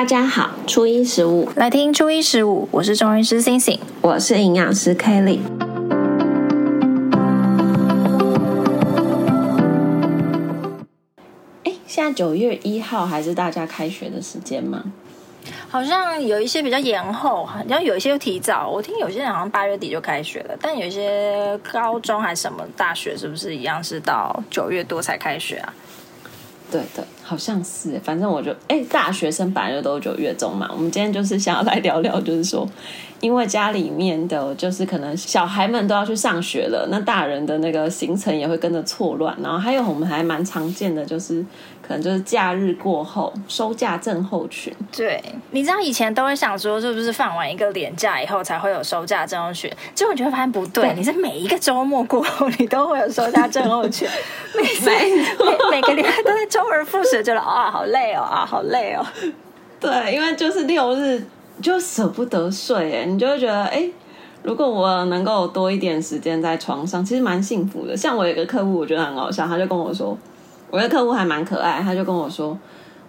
大家好，初醫食伍來聽初醫食伍，我是中醫師 CinCin，我是營養師 Kelly。哎，現在九月一號還是大家開學的時間嗎？好像有一些比較延後，好像有一些又提早。我聽有些人好像八月底就開學了，但有一些高中還是什麼大學，是不是一樣是到九月多才開學啊？對的，好像是，反正我就哎，大學生本來就都九月中嘛。我們今天就是想要來聊聊，就是說，因為家裡面的，就是可能小孩們都要去上學了，那大人的那個行程也會跟着錯亂，然後還有我們還蠻常見的就是。可能就是假日過後收假症候群。對，你知道以前都會想說，是不是放完一個連假以後才會有收假症候群？結果你就會發現不對,對，你是每一個周末過後，你都會有收假症候群。 每每每,每個禮拜都在周而復始，覺得啊、哦、好累哦啊好累哦。對，因為就是六日就舍不得睡，哎，你就會覺得哎、欸，如果我能夠多一點時間在床上，其實蠻幸福的。像我有一個客戶，我覺得很好笑，他就跟我說。我的客戶還蠻可愛，他就跟我說，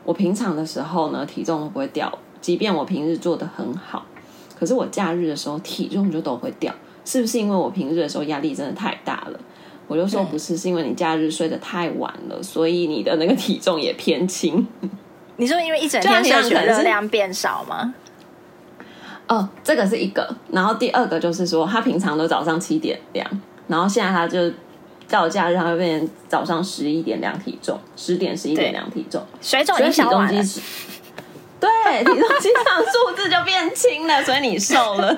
我平常的時候呢，體重不會掉，即便我平日做得很好，可是我假日的時候體重就都會掉，是不是因為我平日的時候壓力真的太大了？我就說不是，是因為你假日睡得太晚了，所以你的那個體重也偏輕。你說因為一整天上 學量變少嗎？哦、 嗯，這個是一個，然後第二個就是說，他平常都早上七點量，然後現在他就。到假日，會變成早上十一點量體重，十點十一點量體重，水腫，水腫機，對，體重機上數字就變輕了， 所以你瘦了，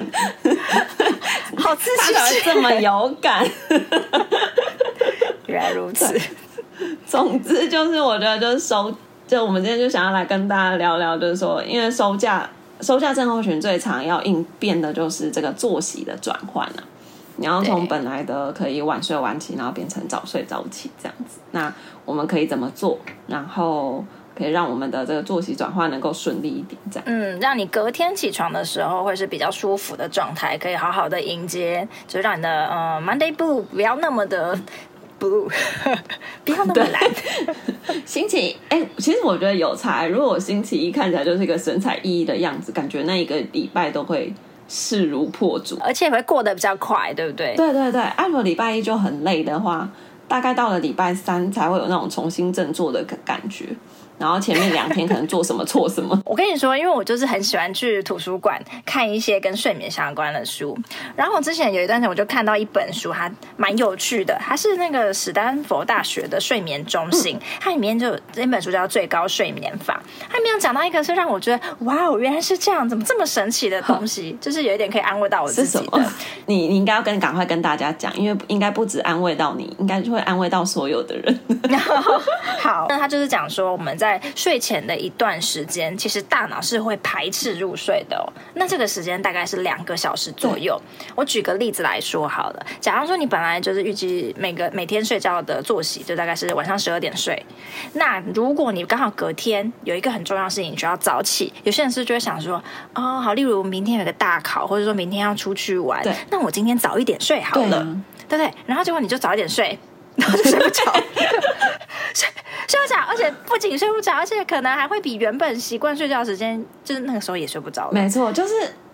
好刺激，這麼有感， 原來如此。總之就是，我覺得就是收，就我們今天就想要來跟大家聊聊，就是說，因為收假、收假症候群最常要應變的就是這個作息的轉換了。你要從本來的可以晚睡晚起，然後變成早睡早起這樣子。那我們可以怎麼做？然後可以讓我們的這個作息轉換能夠順利一點，這樣。嗯，讓你隔天起床的時候會是比較舒服的狀態，可以好好的迎接，就讓你的呃 Monday Blue 不要那麼的 Blue， 不要那麼藍。 星期，哎、欸，其實我覺得有差。如果我星期一看起來就是一個神采奕奕的樣子，感覺那一個禮拜都會。勢如破竹，而且會過得比較快，對不對？對對對，按照禮拜一就很累的話，大概到了禮拜三才會有那種重新振作的感覺。然後前面兩天可能做什麼錯什麼， 我跟你說，因為我就是很喜歡去圖書館看一些跟睡眠相關的書。然後我之前有一段時間，我就看到一本書，還蠻有趣的，它是那個史丹佛大學的睡眠中心，嗯、它裡面就這本書叫《最高睡眠法》，它沒有講到一個是讓我覺得哇哦，原來是這樣，怎麼這麼神奇的東西，哦、就是有一點可以安慰到我自己的。是什麼？你你應該要跟趕快跟大家講，因為應該不止安慰到你，應該就會安慰到所有的人。然後好， 那他就是講說我們在。睡前的一段時間，其實大腦是會排斥入睡的哦。那這個時間大概是兩個小時左右。我舉個例子來說好了，假如說你本來就是預計每個每天睡覺的作息，就大概是晚上十二點睡。那如果你剛好隔天有一個很重要的事情，你需要早起，有些人是不是就會想說，哦，好，例如明天有個大考，或者說明天要出去玩，對，那我今天早一點睡好了，對啊，對不對？然後結果你就早一點睡。我 就 睡不着，睡睡不着，而且不僅睡不着，而且可能還會比原本習慣睡覺時間，就是那個時候也睡不着。沒錯，就是。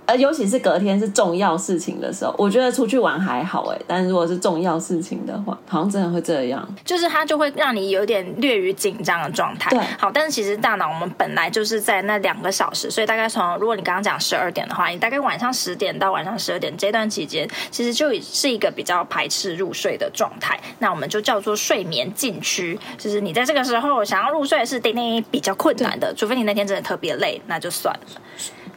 呃，尤其是隔天是重要事情的時候，我覺得出去玩還好哎、欸，但如果是重要事情的話，好像真的會這樣，就是它就會讓你有點略於緊張的狀態。對，好，但是其實大腦我們本來就是在那兩個小時，所以大概從如果你剛剛講十二點的話，你大概晚上十點到晚上十二點這段期間，其實就也是一個比較排斥入睡的狀態。那我們就叫做睡眠禁區，就是你在這個時候想要入睡是 definitely 比較困難的，除非你那天真的特別累，那就算了。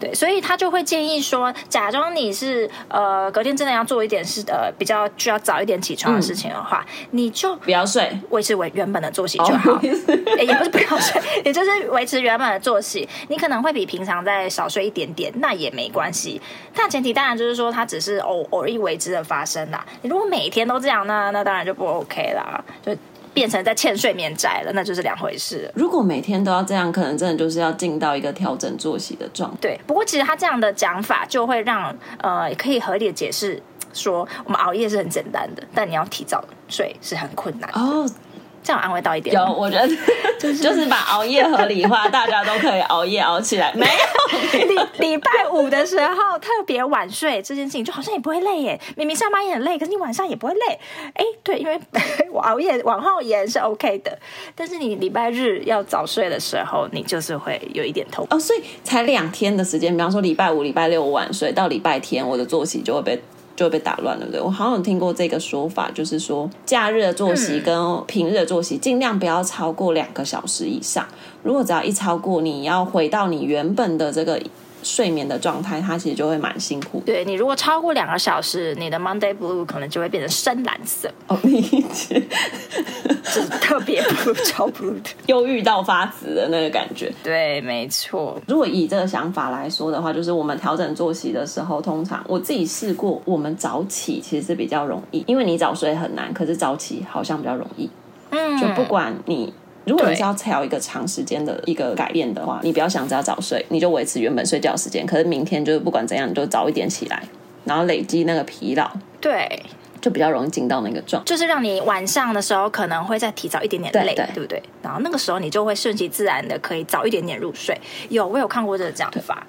對，所以他就會建議說，假裝你是呃，隔天真的要做一點事呃比較需要早一點起床的事情的話，嗯、你就不要睡，維持原本的作息就好。哦不欸、也不是不要睡，也 就是維持原本的作息，你可能會比平常再少睡一點點，那也沒關係。但、嗯、前提當然就是說，它只是偶偶一為之的發生啦。你如果每天都這樣，那那當然就不 OK 啦。就。變成在欠睡眠債了，那就是兩回事。如果每天都要這樣，可能真的就是要進到一個調整作息的狀態。對，不過其實他這樣的講法，就會讓呃可以合理的解釋說，我們熬夜是很簡單的，但你要提早睡是很困難哦。這樣安慰到一點，有，我覺得就是就是把熬夜合理化， 大家都可以熬夜熬起來。沒有，禮 禮拜五的時候特別晚睡這件事情，就好像也不會累耶。明明上班也很累，可是你晚上也不會累。哎，對，因為我熬夜往後延是 OK 的，但是你禮拜日要早睡的時候，你就是會有一點痛苦哦。所以才兩天的時間，比方說禮拜五、禮拜六晚睡到禮拜天，我的作息就會被。就會被打亂了。對不對？我好像有聽過這個說法，就是說，假日的作息跟平日的作息，嗯、儘量不要超過兩個小時以上。如果只要一超過，你要回到你原本的這個。睡眠的狀態，它其實就會蠻辛苦。對你，如果超過兩個小時，你的 Monday Blue 可能就會變成深藍色。哦，理解，是特別 blue，超 blue 的，憂鬱到發紫的那個感覺。對，沒錯。如果以這個想法來說的話，就是我們調整作息的時候，通常我自己試過，我們早起其實是比較容易，因為你早睡很難，可是早起好像比較容易。嗯，就不管你。如果你是要調一個長時間的一個改變的話，你不要想着要早睡，你就維持原本睡覺時間。可是明天就是不管怎樣，你就早一點起來，然後累積那個疲勞，對，就比較容易進到那個狀。就是讓你晚上的時候可能會再提早一點點累，對，對，對不對？然後那個時候你就會順其自然的可以早一點點入睡。有，我有看過這個講法。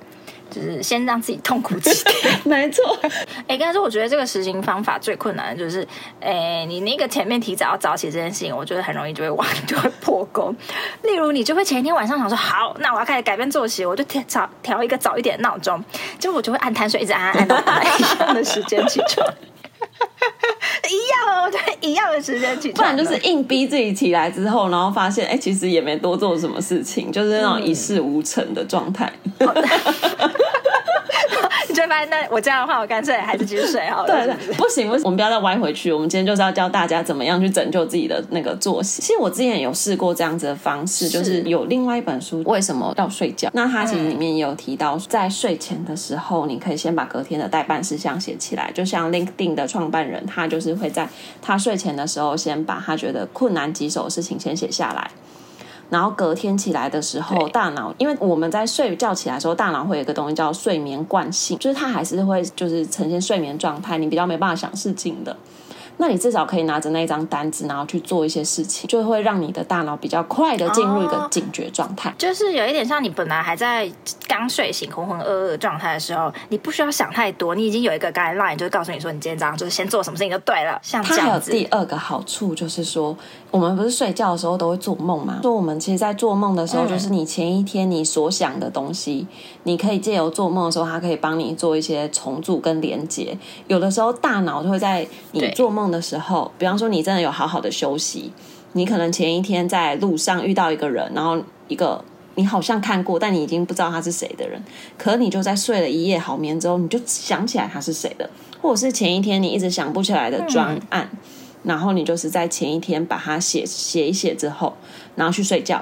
就是先讓自己痛苦幾天， 沒、欸、錯。哎，剛才說我覺得這個實行方法最困難的就是，哎、欸，你那個前面提早要早起這件事情，我覺得很容易就會忘，就會破功。例如，你就會前一天晚上想說，好，那我要開始改變作息，我就調調一個早一點的鬧鐘，結果我就會按貪睡一直按，按到一樣的時間起床。 一樣哦，對，一樣的時間起床，不然就是硬逼自己起來之後，然後發現，哎、欸，其實也沒多做什麼事情，就是那種一事無成的狀態。嗯 你就會發現，那我這樣的話，我乾脆還是繼續睡好了。對，對,對，是不是不行，不行，我們不要再歪回去。我們今天就是要教大家怎麼樣去拯救自己的那個作息。其實我之前有試過這樣子的方式，就是有另外一本書，為什麼要睡覺？那它其實裡面也有提到，嗯、在睡前的時候，你可以先把隔天的待辦事項寫起來。就像 LinkedIn 的創辦人，他就是會在他睡前的時候，先把他覺得困難棘手的事情先寫下來。然後隔天起來的時候，大腦，因為我們在睡覺起來的時候，大腦會有一個東西叫睡眠慣性，就是它還是會就是呈現睡眠狀態，你比較沒辦法想事情的。那你至少可以拿着那張單子，然後去做一些事情，就會讓你的大腦比較快的進入一個警覺狀態、哦。就是有一點像你本來還在剛睡醒渾渾噩噩狀態的時候，你不需要想太多，你已經有一個 guideline 就告訴你說，你今天早上就是先做什麼事情就對了。像這樣子。第二個好處就是說，我們不是睡覺的時候都會做夢嘛？說我們其實，在做夢的時候，就是你前一天你所想的東西，嗯、你可以借由做夢的時候，它可以幫你做一些重組跟連接。有的時候，大腦就會在你做夢。的時候，比方說你真的有好好的休息，你可能前一天在路上遇到一個人，然後一個你好像看過，但你已經不知道他是誰的人，可你就在睡了一夜好眠之後，你就想起來他是誰的，或者是前一天你一直想不起來的專案，然後你就是在前一天把它寫寫一寫之後，然後去睡覺。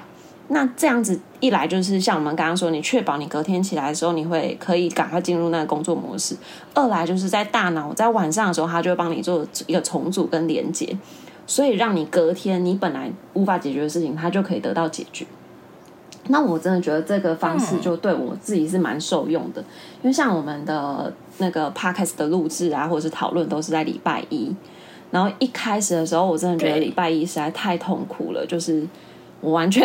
那這樣子一來，就是像我們剛剛說，你確保你隔天起來的時候，你會可以趕快進入那個工作模式；二來就是在大腦在晚上的時候，它就會幫你做一個重組跟連接，所以讓你隔天你本來無法解決的事情，它就可以得到解決。那我真的覺得這個方式就對我自己是蠻受用的，因為像我們的那個 podcast 的錄製啊，或者是討論，都是在禮拜一。然後一開始的時候，我真的覺得禮拜一實在太痛苦了，就是。我完全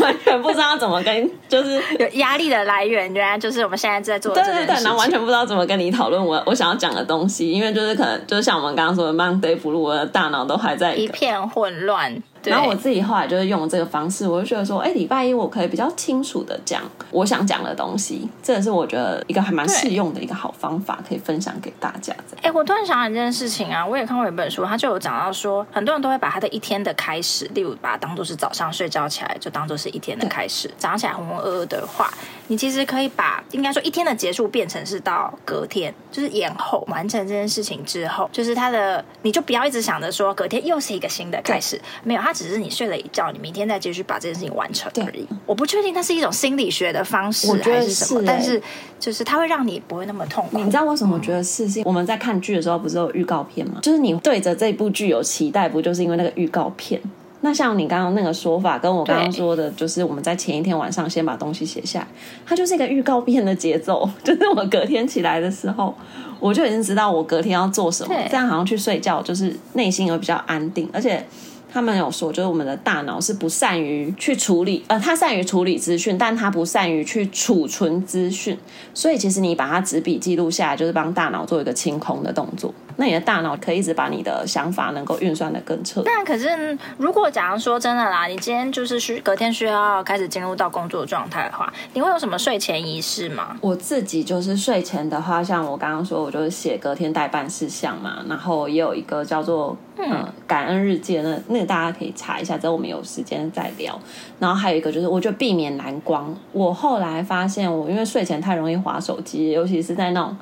完全不知道怎麼跟， 就是有壓力的來源，原來就是我們現在在做的，對對對，然後完全不知道怎麼跟你討論我我想要講的東西，因為就是可能就是像我們剛剛說的 Monday Blue，我的大腦都還在一,一片混亂。然後我自己後來就是用這個方式，我就覺得說，哎，禮拜一我可以比較清楚的講我想講的東西，這也是我覺得一個還蠻適用的一個好方法，可以分享給大家。哎，我突然想到一件事情啊，我也看過一本書，它就有講到說，很多人都會把他的一天的開始，例如把它當做是早上睡覺起來，就當做是一天的開始，早上起來渾渾噩噩的話。你其實可以把，應該說一天的結束變成是到隔天，就是延後完成這件事情之後，就是它的，你就不要一直想着說隔天又是一個新的開始，沒有，它只是你睡了一覺，你明天再繼續把這件事情完成而已。我不確定它是一種心理學的方式還是什麼，是欸，但是就是它會讓你不會那麼痛苦。你知道為什麼我覺得是，嗯？我們在看劇的時候不是有預告片嗎？就是你對着這部劇有期待，不就是因為那個預告片？那像你剛剛那個說法，跟我剛剛說的，就是我們在前一天晚上先把東西寫下來，它就是一個預告片的節奏。就是我隔天起來的時候，我就已經知道我隔天要做什麼。這樣好像去睡覺，就是內心也會比較安定。而且他們有說，就是我們的大腦是不善於去處理，呃，它善於處理資訊，但它不善於去儲存資訊。所以其實你把它紙筆記錄下來，就是幫大腦做一個清空的動作。那你的大腦可以一直把你的想法能夠運算得更徹底。那可是，如果假如說真的啦，你今天就是需隔天需要開始進入到工作狀態的話，你會有什麼睡前儀式嗎？我自己就是睡前的話，像我剛剛說，我就是寫隔天待辦事項嘛，然後也有一個叫做嗯、呃、感恩日記、那個，那那個大家可以查一下，之後我們有時間再聊。然後還有一個就是，我就避免藍光。我後來發現我，我因為睡前太容易滑手機，尤其是在那種。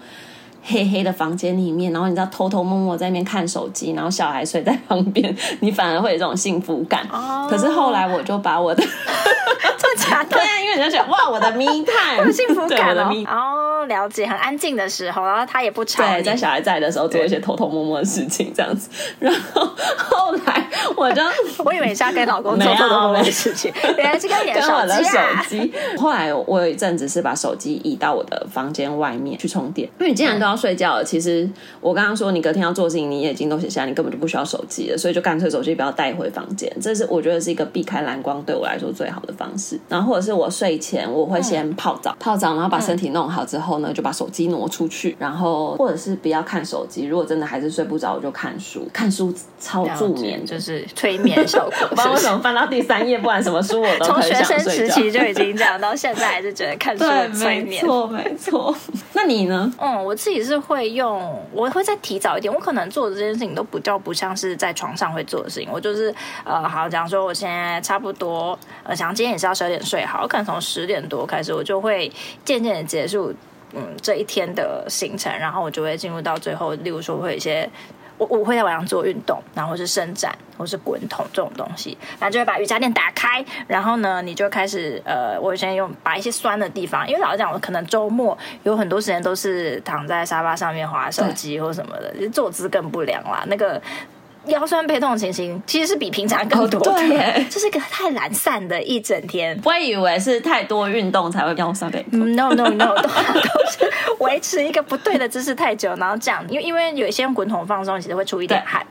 黑黑的房間裡面，然後你知道偷偷摸摸在那邊看手機，然後小孩睡在旁邊，你反而會有這種幸福感。Oh. 可是後來我就把我的, 這假的， 對啊，因為你家想，哇，我的 me time，t 幸福感哦。了解很安靜的時候，然後他也不吵。對，在小孩在的時候，做一些偷偷摸摸的事情，這樣子。然後後來，我就 我以為是要跟老公做偷偷摸摸的事情，原來是跟我的手機。後來我有一陣子是把手機移到我的房間外面去充電，因為你既然都要睡覺了，了、嗯，其實我剛剛說你隔天要做事情，你眼睛都寫下來，你根本就不需要手機了，所以就乾脆手機不要帶回房間。這是我覺得是一個避開藍光對我來說最好的方式。然後或者是我睡前我會先泡澡，泡、嗯、澡然後把身體弄好之後。嗯然後呢，就把手機挪出去，然後或者是不要看手機。如果真的還是睡不着，我就看書，看書超助眠，就是催眠效果。我不， 不知道為什麼翻到第三頁，不管什麼書我都很想睡覺。從學生時期就已經這樣，到現在還是覺得看書很催眠。沒錯，沒錯。那你呢？ 嗯，我自己是會用，我會再提早一點。我可能做的這件事情都比較不像是在床上會做的事情。我就是呃，好講說，我現在差不多，我、呃、想今天也是要十二點睡，好，可能從十點多開始，我就會漸漸的結束。嗯，這一天的行程，然後我就會進入到最後，例如說會有一些，我我會在晚上做運動，然後是伸展，或是滾筒這種東西，反正就會把瑜伽墊打開，然後呢，你就開始呃，我先用把一些酸的地方，因為老實講，我可能周末有很多時間都是躺在沙發上面滑手機或什麼的，就坐姿更不良啦，那個。腰痠背痛的情形，其實是比平常更多。哦、對，這、就是個太懶散的一整天。不會以為是太多運動才會腰痠背痛。 no, no no no，都是維持一個不對的姿勢太久，然後這樣。因為因為有一些滾筒放鬆，其實會出一點汗，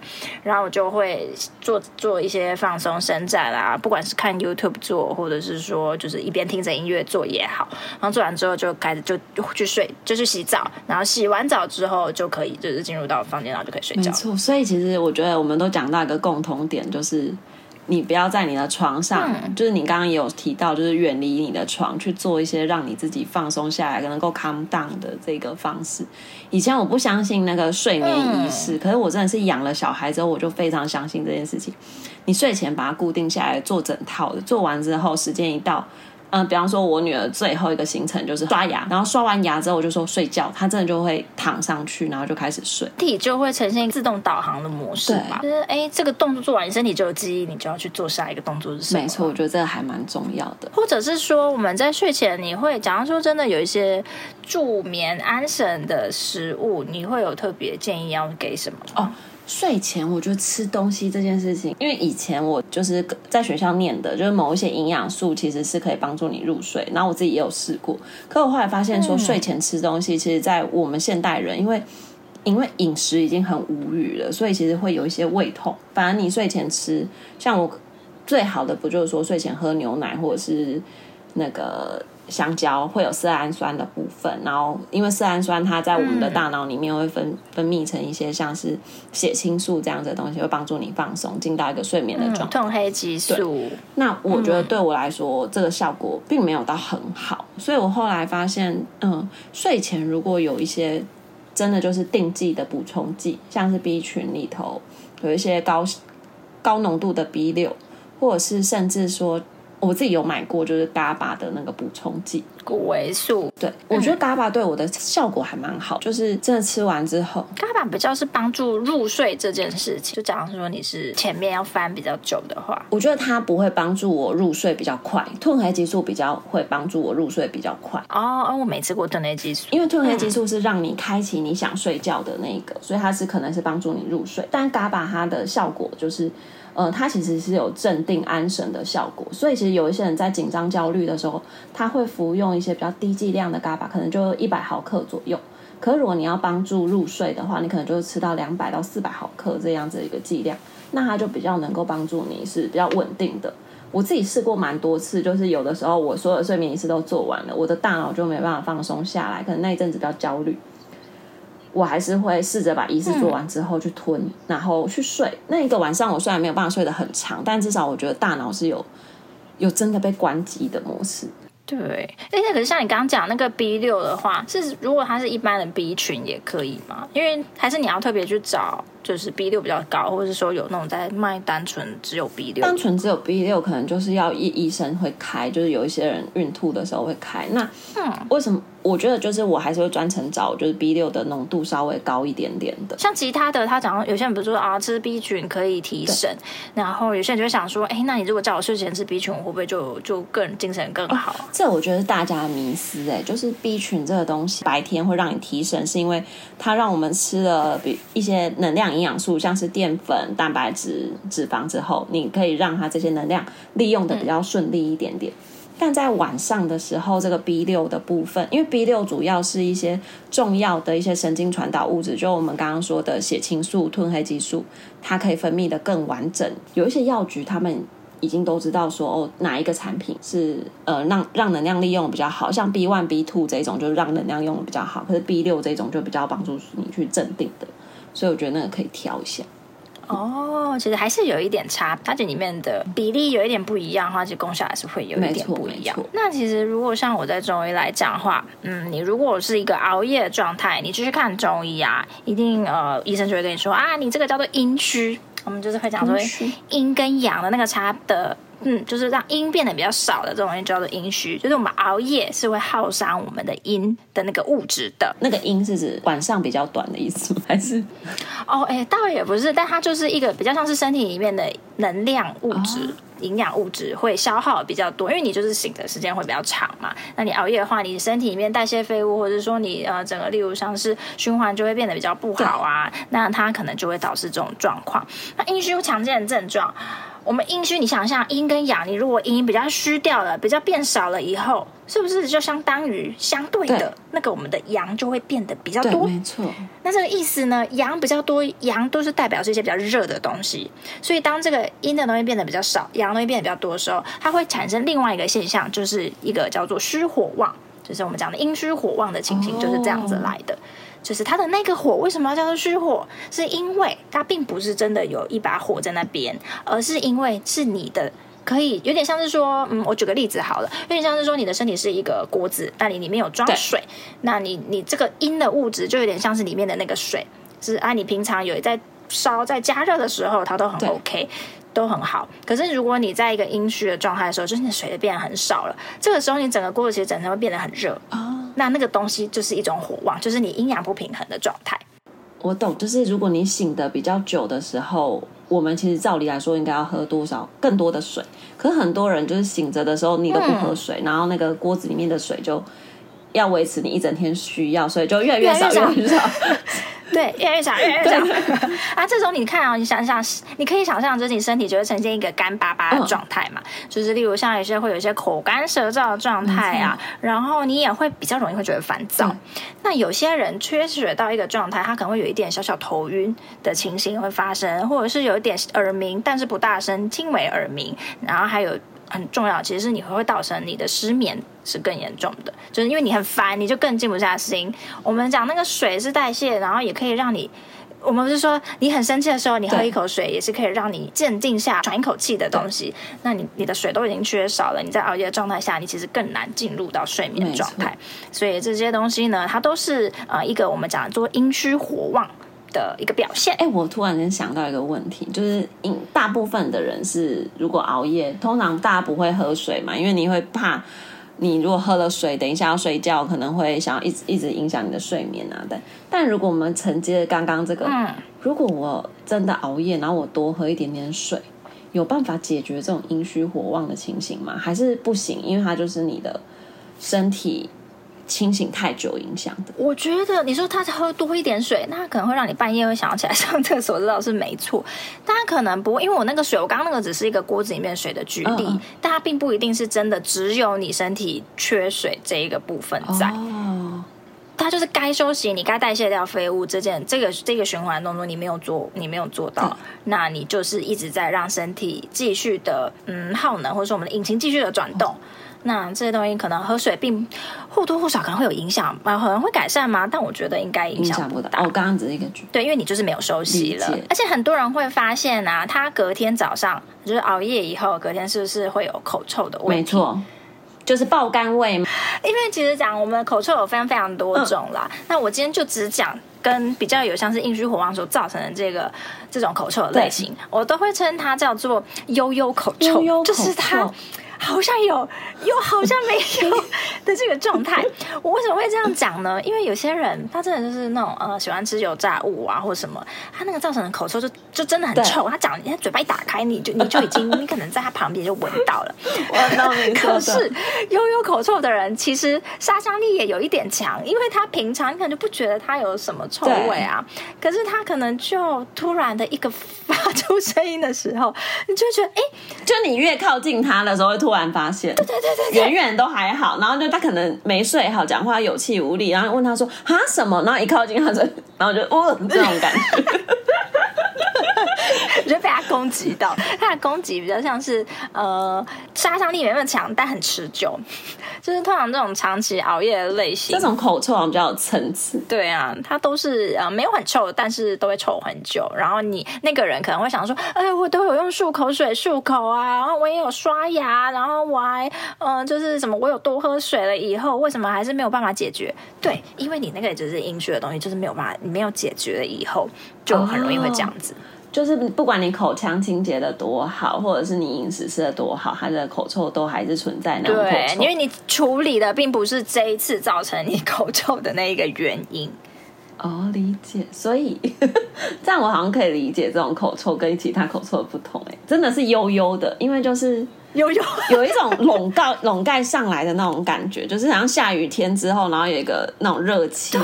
然後我就會做做一些放鬆伸展啊，不管是看 YouTube 做，或者是說就是一邊聽着音樂做也好。然後做完之後就開始就，就去睡，就去洗澡，然後洗完澡之後就可以就是進入到房間，然後就可以睡覺。沒錯，所以其實我覺得。我們都講到一個共同點，就是你不要在你的床上，嗯、就是你剛剛也有提到，就是遠離你的床去做一些讓你自己放鬆下來、能夠 calm down 的這個方式。以前我不相信那個睡眠儀式、嗯，可是我真的是養了小孩之後，我就非常相信這件事情。你睡前把它固定下來做整套的，做完之後時間一到。嗯，比方說，我女兒最後一個行程就是刷牙，然後刷完牙之後，我就說睡覺，她真的就會躺上去，然後就開始睡。體就會呈現自動導航的模式吧？就是哎，這個動作做完，身體就有記憶，你就要去做下一個動作是什麼。是沒錯，我覺得這個還蠻重要的。或者是說，我們在睡前你會，假如說真的有一些助眠安神的食物，你會有特別建議要給什麼？哦。睡前我覺得吃東西這件事情，因為以前我就是在學校念的，就是某一些營養素其實是可以幫助你入睡。然後我自己也有試過，可我後來發現說，睡前吃東西，其實在我們現代人，因為因為飲食已經很無語了，所以其實會有一些胃痛。反而你睡前吃，像我最好的不就是說睡前喝牛奶，或者是那個。香蕉會有色氨酸的部分，然後因為色氨酸它在我們的大腦裡面會分、嗯、分泌成一些像是血清素這樣子的東西，會幫助你放鬆，進到一個睡眠的狀態。褪、嗯、黑激素。那我覺得對我來說、嗯，這個效果並沒有到很好，所以我後來發現，嗯，睡前如果有一些真的就是定劑的補充劑，像是 B 群裡頭有一些高高濃度的 B 六，或者是甚至說。我自己有買過，就是 GABA 的那個補充劑，穀維素。對，我覺得 GABA 對我的效果還蠻好、嗯，就是真的吃完之後，GABA 比較是幫助入睡這件事情。就假如說你是前面要翻比較久的話，我覺得它不會幫助我入睡比較快，褪黑激素比較會幫助我入睡比較快。哦、oh, oh，我沒吃過褪黑激素，因為褪黑激素是讓你開啟你想睡覺的那個，嗯、所以它是可能是幫助你入睡。但 GABA 它的效果就是。呃，它其實是有鎮定安神的效果，所以其實有一些人在緊張焦慮的時候，他會服用一些比較低劑量的伽巴，可能就一百毫克左右。可是如果你要幫助入睡的話，你可能就吃到兩百到四百毫克這樣子一個劑量，那它就比較能夠幫助你是比較穩定的。我自己試過蠻多次，就是有的時候我所有的睡眠儀式都做完了，我的大腦就沒辦法放鬆下來，可能那一陣子比較焦慮。我還是會試着把儀式做完之後去吞，嗯，然後去睡。那一個晚上我雖然沒有辦法睡得很長，但至少我覺得大腦是有有真的被關機的模式。對，而且可是像你剛剛講那個 B 六的話，是如果它是一般的 B 群也可以嗎？因為還是你要特別去找。就是 B 六比較高，或者是說有那種在賣單純只有 B 六。單純只有 B 六可能就是要醫醫生會開，就是有一些人孕吐的時候會開。那、嗯、為什麼？我覺得就是我還是會專程找，就是 B 六的濃度稍微高一點點的。像其他的，他講到有些人比如說啊吃 B 群可以提神，然後有些人就會想說，哎、欸，那你如果叫我睡前吃 B 群，我會不會就就更精神更好、哦？這我覺得是大家的迷思哎、欸，就是 B 群這個東西白天會讓你提神，是因為它讓我們吃了比一些能量。營養素像是澱粉、蛋白質、脂肪之後，你可以讓它這些能量利用的比較順利一點點。嗯。但在晚上的時候，這個 B 六的部分，因為 B 六主要是一些重要的一些神經傳導物質，就我們剛剛說的血清素、褪黑激素，它可以分泌的更完整。有一些藥局他們已經都知道說，哦，哪一個產品是呃讓讓能量利用的比較好，像 B1 B2 這一種，就讓能量用的比較好。可是 B 六這種就比較幫助你去鎮定的。所以我覺得那個可以調一下，哦,其實還是有一點差，它這裡面的比例有一點不一樣的話，其實功效還是會有一點不一樣。那其實如果像我在中醫來講的話，嗯，你如果是一個熬夜狀態，你繼續看中醫啊，一定呃，醫生就會跟你說啊，你這個叫做陰虛，我們就是會講說陰跟陽的那個差的。嗯，就是讓陰變得比較少的這種東西叫做陰虛，就是我們熬夜是會耗傷我們的陰的那個物質的。那個陰是指晚上比較短的意思還是？哦，哎，倒也不是，但它就是一個比較像是身體裡面的能量物質、營養物質、Oh. 會消耗比較多，因為你就是醒的時間會比較長嘛。那你熬夜的話，你身體裡面代謝廢物，或者說你呃整個，例如像是循環就會變得比較不好啊，那它可能就會導致這種狀況。那陰虛常見的症狀。我們陰虛，你想象陰跟陽，你如果陰比較虛掉了，比較變少了以後，是不是就相當於相對的對那個我們的陽就會變得比較多？沒錯。那這個意思呢，陽比較多，陽都是代表是一些比較熱的東西，所以當這個陰的東西變得比較少，陽東西變得比較多的時候，它會產生另外一個現象，就是一個叫做虛火旺，就是我們講的陰虛火旺的情形，就是這樣子來的。哦。就是它的那個火為什麼要叫做虛火？是因為它並不是真的有一把火在那邊，而是因為是你的，可以有點像是說，嗯，我舉個例子好了，有點像是說你的身體是一個鍋子，那你裡面有裝水，那你你這個陰的物質就有點像是裡面的那個水，就是啊，你平常有在燒在加熱的時候，它都很 OK。都很好，可是如果你在一個陰虛的狀態的時候，就是你的水就變得很少了。這個時候，你整個鍋其實整天會變得很熱啊。那那個東西就是一種火旺，就是你陰陽不平衡的狀態。我懂，就是如果你醒得比較久的時候，我們其實照理來說應該要喝多少更多的水，可是很多人就是醒着的時候你都不喝水，嗯、然後那個鍋子裡面的水就要維持你一整天需要，所以就越來越少，越來越少。越 對，越來越長越來越長啊！這種你看哦、啊，你想想，你可以想象，自己身體就會呈現一個乾巴巴的狀態嘛，嗯、就是例如像有些會有一些口乾舌燥的狀態啊、嗯，然後你也會比較容易會覺得煩躁、嗯。那有些人缺血到一個狀態，他可能會有一點小小頭暈的情形會發生，或者是有一點耳鳴，但是不大聲，輕微耳鳴，然後還有。很重要，其實是你會會造成你的失眠是更嚴重的，就是因為你很煩，你就更靜不下心。我們講那個水是代謝，然後也可以讓你，我們不是說你很生氣的時候，你喝一口水也是可以讓你鎮定下、喘一口氣的東西。那你你的水都已經缺少了，你在熬夜的狀態下，你其實更難進入到睡眠狀態。所以這些東西呢，它都是呃一個我們講的做陰虛火旺。的一個表現。哎、欸，我突然間想到一個問題，就是大部分的人是如果熬夜，通常大家不會喝水嘛，因為你會怕你如果喝了水，等一下要睡覺可能會想要一直一直影響你的睡眠啊。對。但但如果我們承接剛剛這個，嗯，如果我真的熬夜，然後我多喝一點點水，有辦法解決這種陰虛火旺的情形嗎？還是不行？因為它就是你的身體。清醒太久影響的，我覺得你說他喝多一點水，那可能會讓你半夜會想起來上廁所，知道是沒錯。但他可能不會，因為我那個水，我剛剛那個只是一個鍋子裡面水的舉例、嗯，但它並不一定是真的，只有你身體缺水這一個部分在。哦，它就是該休息，你該代謝掉廢物這件，這個這個循環動作你沒有做，你沒有做到、嗯，那你就是一直在讓身體繼續的嗯耗能，或者說我們的引擎繼續的轉動。哦那這些東西可能喝水並或多或少可能會有影響，可能會改善嘛？但我覺得應該影響不大。我，剛剛只是一個舉，對，因為你就是沒有休息了。而且很多人會發現啊，他隔天早上就是熬夜以後，隔天是不是會有口臭的味？沒錯，就是爆肝味。因為其實講，我們的口臭有非常非常多種啦、嗯。那我今天就只講跟比較有像是陰虛火旺所造成的這個這種口臭的類型，我都會稱它叫做悠悠口臭，悠悠、就是它。好像有，又好像沒有的這個狀態， 我為什麼會這樣講呢？因為有些人他真的就是那種呃喜歡吃油炸物啊，或什麼，他那個造成的口臭就就真的很臭。他講，你嘴巴一打開，你就你就已經你可能在他旁邊就聞到了。 可是悠悠口臭的人其實殺傷力也有一點強，因為他平常你可能就不覺得他有什麼臭味啊，可是他可能就突然的一個發出聲音的時候，你就會覺得哎、欸，就你越靠近他的時候，會突。突然發現，對對對對，遠遠都還好，然後就他可能沒睡好，講話有氣無力，然後問他說哈什麼，然後一靠近他說，然後就哦這種感覺。 我覺得被他攻擊到，他的攻擊比較像是呃，殺傷力沒那麼強，但很持久。就是通常這種長期熬夜的類型，這種口臭好像比較有層次。對啊，他都是呃沒有很臭，但是都會臭很久。然後你那個人可能會想說：“哎、欸，我都有用漱口水漱口啊，然後我也有刷牙，然後我還嗯、呃、就是什麼，我有多喝水了以後，為什麼還是沒有辦法解決？”對，因為你那個也就是陰虛的東西，就是沒有辦法你沒有解決了以後，就很容易會這樣子。哦就是不管你口腔清潔的多好，或者是你飲食吃的多好，它的口臭都還是存在那種口臭。對，因為你處理的並不是這一次造成你口臭的那一個原因。哦、oh，理解。所以 這樣我好像可以理解這種口臭跟其他口臭的不同、欸。真的是悠悠的，因為就是。有有，有一種籠蓋籠蓋上來的那種感覺， 就是好像下雨天之後，然後有一個那種熱氣對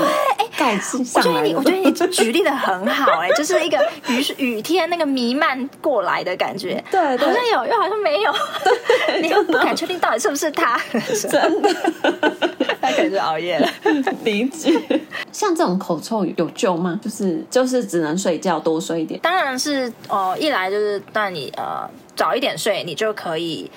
蓋、欸、上來我覺，我覺得你舉例的很好哎、欸， 就是一個雨雨天那個彌漫過來的感覺。對，對，對，好像有，又好像沒有，你又不敢確定到底是不是他， 真的， 他可能熬夜了。 理解。像這種口臭有救嗎？就是就是只能睡覺多睡一點？當然是哦、呃，一來就是帶你呃。早一點睡，你就可以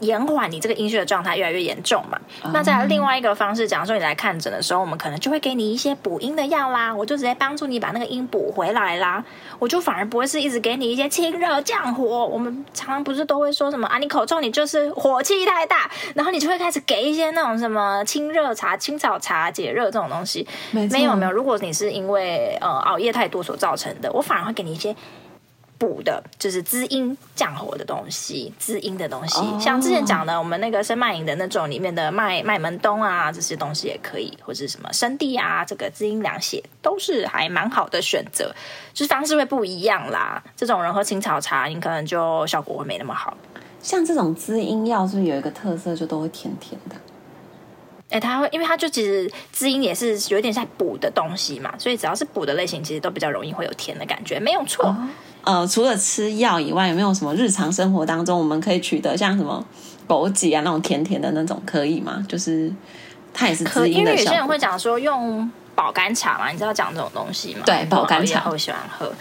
延緩你這個陰虛的狀態越來越嚴重嘛。Oh. 那在另外一個方式，假如說你來看診的時候，我們可能就會給你一些補陰的藥啦，我就直接幫助你把那個陰補回來啦。我就反而不會是一直給你一些清熱降火。我們常常不是都會說什麼啊？你口臭，你就是火氣太大，然後你就會開始給一些那種什麼清熱茶、青草茶、解熱這種東西。沒有沒有，如果你是因為呃熬夜太多所造成的，我反而會給你一些。補的就是滋陰降火的東西，滋陰的東西，oh. 像之前講的，我們那個生脈飲的那種裡面的麥麥門冬啊，這些東西也可以，或者什麼生地啊，這個滋陰涼血都是還蠻好的選擇，就方式會不一樣啦。這種人喝青草茶，你可能就效果會沒那麼好。像這種滋陰藥，是不是有一個特色，就都會甜甜的？哎、欸，它會，因為它就其實滋陰也是有點像補的東西嘛，所以只要是補的類型，其實都比較容易會有甜的感覺，沒有錯。Oh. 呃，除了吃藥以外，有沒有什麼日常生活當中我們可以取得，像什麼枸杞啊那種甜甜的那種，可以嗎？就是它也是滋陰的。因為有些人會講說用保肝茶嘛，你知道講這種東西嗎？對，保肝茶我喜歡喝。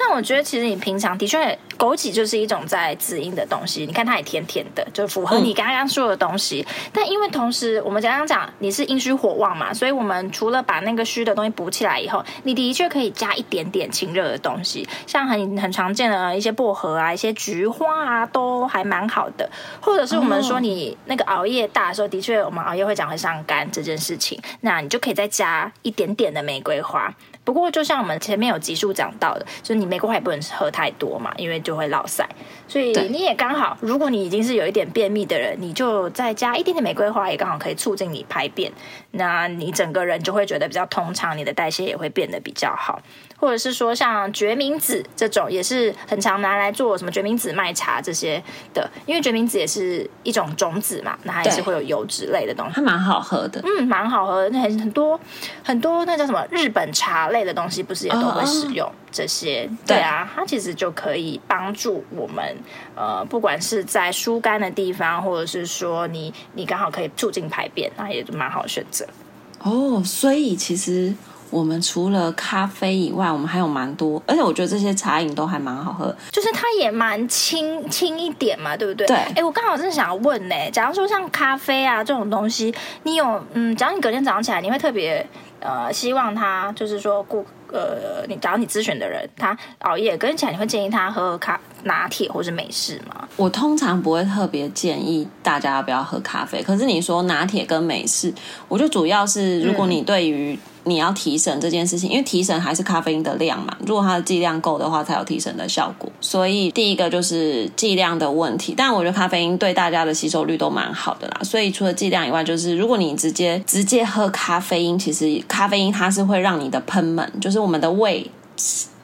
那我覺得，其實你平常的確，枸杞就是一種在滋陰的東西。你看，它也甜甜的，就符合你剛剛說的東西。嗯、但因為同時，我們剛剛講你是陰虛火旺嘛，所以我們除了把那個虛的東西補起來以後，你的確可以加一點點清熱的東西，像很很常見的一些薄荷啊、一些菊花啊，都還蠻好的。或者是我們說你那個熬夜大的時候，的確我們熬夜會講會傷肝這件事情，那你就可以再加一點點的玫瑰花。不過，就像我們前面有集數講到的，就是你玫瑰花也不能喝太多嘛，因為就會落晒。所以你也剛好，如果你已經是有一點便秘的人，你就再加一點點玫瑰花，也剛好可以促進你排便。那你整個人就會覺得比較通暢，你的代謝也會變得比較好。或者是說像決明子這種，也是很常拿來做什麼決明子麥茶這些的，因為決明子也是一種種子嘛，那它也是會有油脂類的東西。它蠻好喝的，嗯，蠻好喝的。那很很多很多那叫什麼日本茶類的東西，不是也都會使用這些？呃呃、對啊對，它其實就可以幫助我們，呃，不管是在疏肝的地方，或者是說你你剛好可以促進排便，那也是蠻好選擇。哦，所以其實。我們除了咖啡以外，我們還有蠻多，而且我覺得這些茶飲都還蠻好喝，就是它也蠻輕輕一點嘛，對不對？對，哎、欸，我剛好真的想問呢、欸，假如說像咖啡啊這種東西，你有嗯，假如你隔天早上起來，你會特別呃希望他就是說顧呃，你找你諮詢的人他熬夜隔天起來，你會建議他喝，喝咖拿鐵或是美式嗎？我通常不會特別建議大家不要喝咖啡，可是你說拿鐵跟美式，我就主要是如果你對於、嗯。你要提神這件事情，因為提神還是咖啡因的量嘛。如果它的劑量夠的話，才有提神的效果。所以第一個就是劑量的問題。但我覺得咖啡因對大家的吸收率都蠻好的啦。所以除了劑量以外，就是如果你直接直接喝咖啡因，其實咖啡因它是會讓你的賁門，就是我們的胃。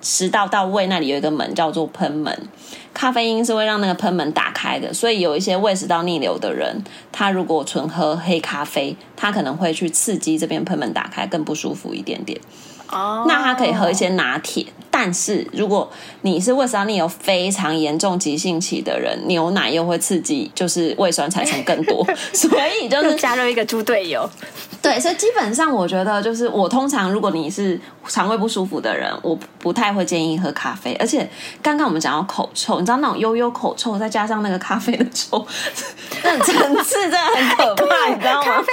食道到胃那裡有一個門叫做噴門，咖啡因是會讓那個噴門打開的，所以有一些胃食道逆流的人，他如果純喝黑咖啡，他可能會去刺激這邊噴門打開，更不舒服一點點。哦、oh.，那他可以喝一些拿鐵，但是如果你是胃食道逆流非常嚴重急性期的人，牛奶又會刺激，就是胃酸產生更多， 所以就是加入一個豬隊友。對，所以基本上我覺得就是，我通常如果你是腸胃不舒服的人，我不太會建議喝咖啡。而且剛剛我們講到口臭，你知道那種悠悠口臭，再加上那個咖啡的臭，那層次真, 真的很可怕，你知道嗎？咖啡，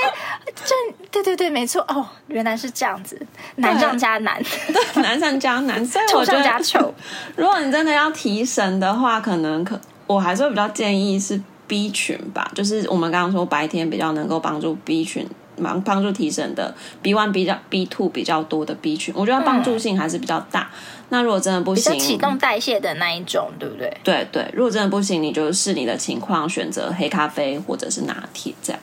這對對對，沒錯哦，原來是這樣子，難上加難，啊，對，難上加難， 所以我覺得，臭上加臭。如果你真的要提神的話，可能可我還是會比較建議是 B 群吧，就是我們剛剛說白天比較能夠幫助 B 群。幫助提神的，B one 比較，B two 比較多的 B 群，我覺得幫助性還是比較大、嗯。那如果真的不行，比較啟動代謝的那一種，對不對？對對,對，如果真的不行，你就視你的情況選擇黑咖啡或者是拿鐵這樣。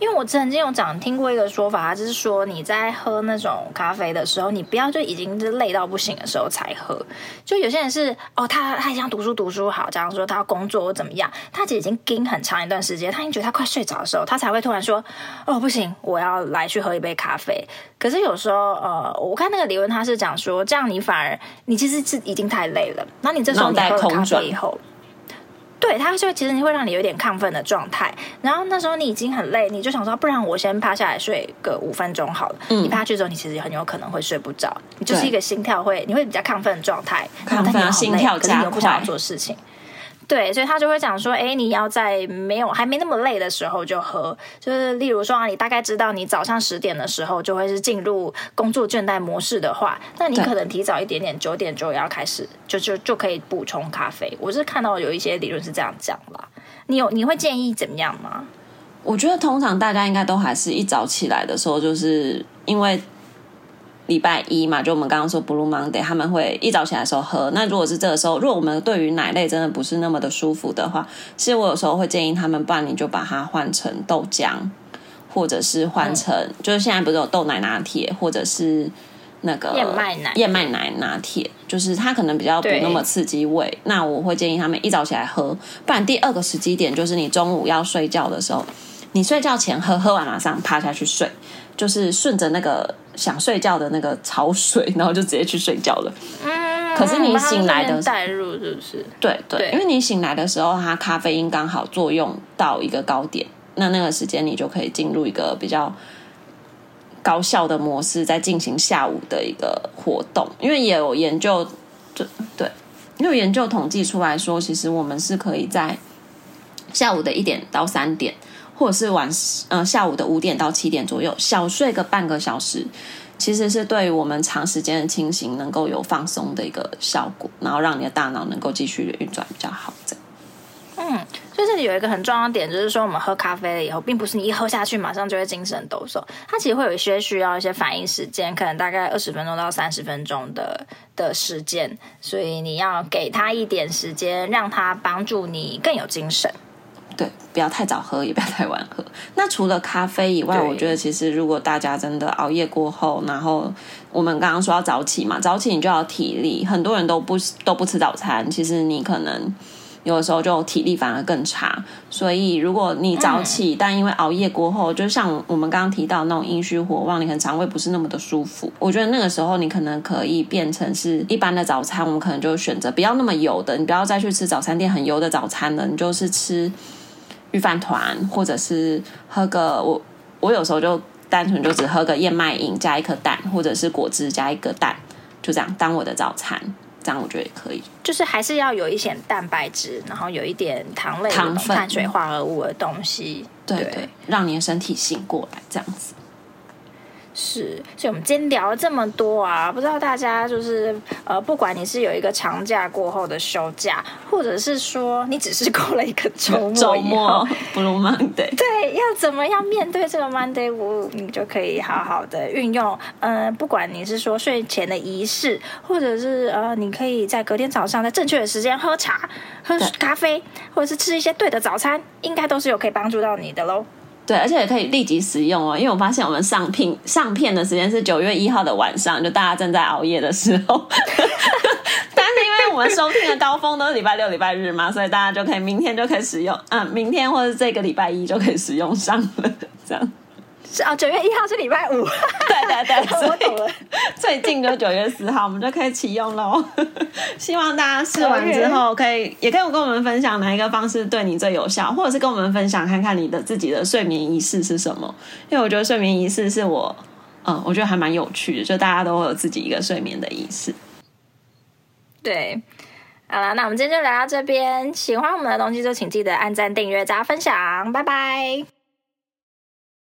因為我曾經有講聽過一個說法，就是說你在喝那種咖啡的時候，你不要就已經是累到不行的時候才喝。就有些人是哦，他他一樣讀書讀書好，假如說他要工作或怎麼樣，他其實已經盯很長一段時間，他已經覺得他快睡着的時候，他才會突然說哦不行，我要來去喝一杯咖啡。可是有時候呃，我看那個理論他是講說，這樣你反而你其實是已經太累了，那你這時候你喝咖啡以後。對，它就會其實你會讓你有點亢奮的狀態，然後那時候你已經很累，你就想說，不然我先趴下來睡個五分鐘好了。你、嗯、趴下去之後，你其實很有可能會睡不着，你就是一個心跳會，你會比較亢奮的狀態，但你又好累，可是你又不想要做事情。對，所以他就會講說，哎，你要在沒有還沒那麼累的時候就喝，就是例如說啊，你大概知道你早上十點的時候就會是進入工作倦怠模式的話，那你可能提早一點點，九點就要開始，就就就可以補充咖啡。我是看到有一些理論是這樣講啦，你有你會建議怎麼樣嗎？我覺得通常大家應該都還是一早起來的時候，就是因為。禮拜一嘛，就我們剛剛說 Blue Monday，他們會一早起來的時候喝。那如果是這個時候，如果我們對於奶類真的不是那麼的舒服的話，其實我有時候會建議他們，不然你就把它換成豆漿，或者是換成、嗯、就是現在不是有豆奶拿鐵，或者是那個燕麥奶燕麥奶拿鐵，就是它可能比較不那麼刺激胃。那我會建議他們一早起來喝，不然第二個時機點就是你中午要睡覺的時候，你睡覺前喝，喝完馬上趴下去睡。就是順着那個想睡覺的那個潮水，然後就直接去睡覺了。嗯，可是你醒來的時候，帶入是不是？對，對，對，對，因為你醒來的時候，它咖啡因剛好作用到一個高點，那那個時間你就可以進入一個比較高效的模式，在進行下午的一個活動。因為也有研究，就對，因為研究統計出來說，其實我們是可以在下午的一點到三點。或者是晚，嗯、呃，下午的五點到七點左右，小睡個半個小時，其實是對於我們長時間的清醒能夠有放鬆的一個效果，然後讓你的大腦能夠繼續運轉比較好，這樣。嗯，所以這裡有一個很重要的點，就是說我們喝咖啡了以後，並不是你一喝下去馬上就會精神抖擻，它其實會有一些需要一些反應時間，可能大概二十分鐘到三十分鐘的的時間，所以你要給他一點時間，讓他幫助你更有精神。對，不要太早喝，也不要太晚喝。那除了咖啡以外，我覺得其實如果大家真的熬夜過後，然後我們剛剛說要早起嘛，早起你就要體力。很多人都不都不吃早餐，其實你可能有的時候就體力反而更差。所以如果你早起，嗯。但因為熬夜過後，就像我們剛剛提到那種陰虛火旺，你很腸胃不是那麼的舒服。我覺得那個時候你可能可以變成是一般的早餐，我們可能就選擇不要那麼油的，你不要再去吃早餐店很油的早餐了，你就是吃。御飯糰，或者是喝個我，我有時候就單純就只喝個燕麥飲，加一顆蛋，或者是果汁加一個蛋，就這樣當我的早餐，這樣我覺得也可以。就是還是要有一些蛋白質，然後有一點糖類、糖分碳水化合物的東西，對對，對，讓你的身體醒過來，這樣子。是，所以我們今天聊了這麼多啊，不知道大家就是呃，不管你是有一個長假過後的休假，或者是說你只是過了一個周末，周末 Blue Monday。對，要怎麼樣面對這個 Monday？你就可以好好的運用。嗯、呃，不管你是說睡前的儀式，或者是呃，你可以在隔天早上在正確的時間喝茶、喝咖啡，或者是吃一些對的早餐，應該都是有可以幫助到你的嘍。對，而且也可以立即使用哦，因為我發現我們上片上片的時間是九月一號的晚上，就大家正在熬夜的時候， 但是因為我們收聽的高峰都是禮拜六、禮拜日嘛，所以大家就可以明天就可以使用啊，明天或者是這個禮拜一就可以使用上了，這樣。是啊，哦，九月一號是禮拜五。 對對對，懂 了。最近就九月四號， 我們就可以啟用嘍。希望大家試完之後，可以也可以跟我們分享哪一個方式對你最有效，或者是跟我們分享看看你的自己的睡眠儀式是什麼。因為我覺得睡眠儀式是我，嗯，我覺得還蠻有趣的，就大家都會有自己一個睡眠的儀式。對，好了，那我們今天就聊到這邊。喜歡我們的東西，就請記得按讚、訂閱、加分享。拜拜。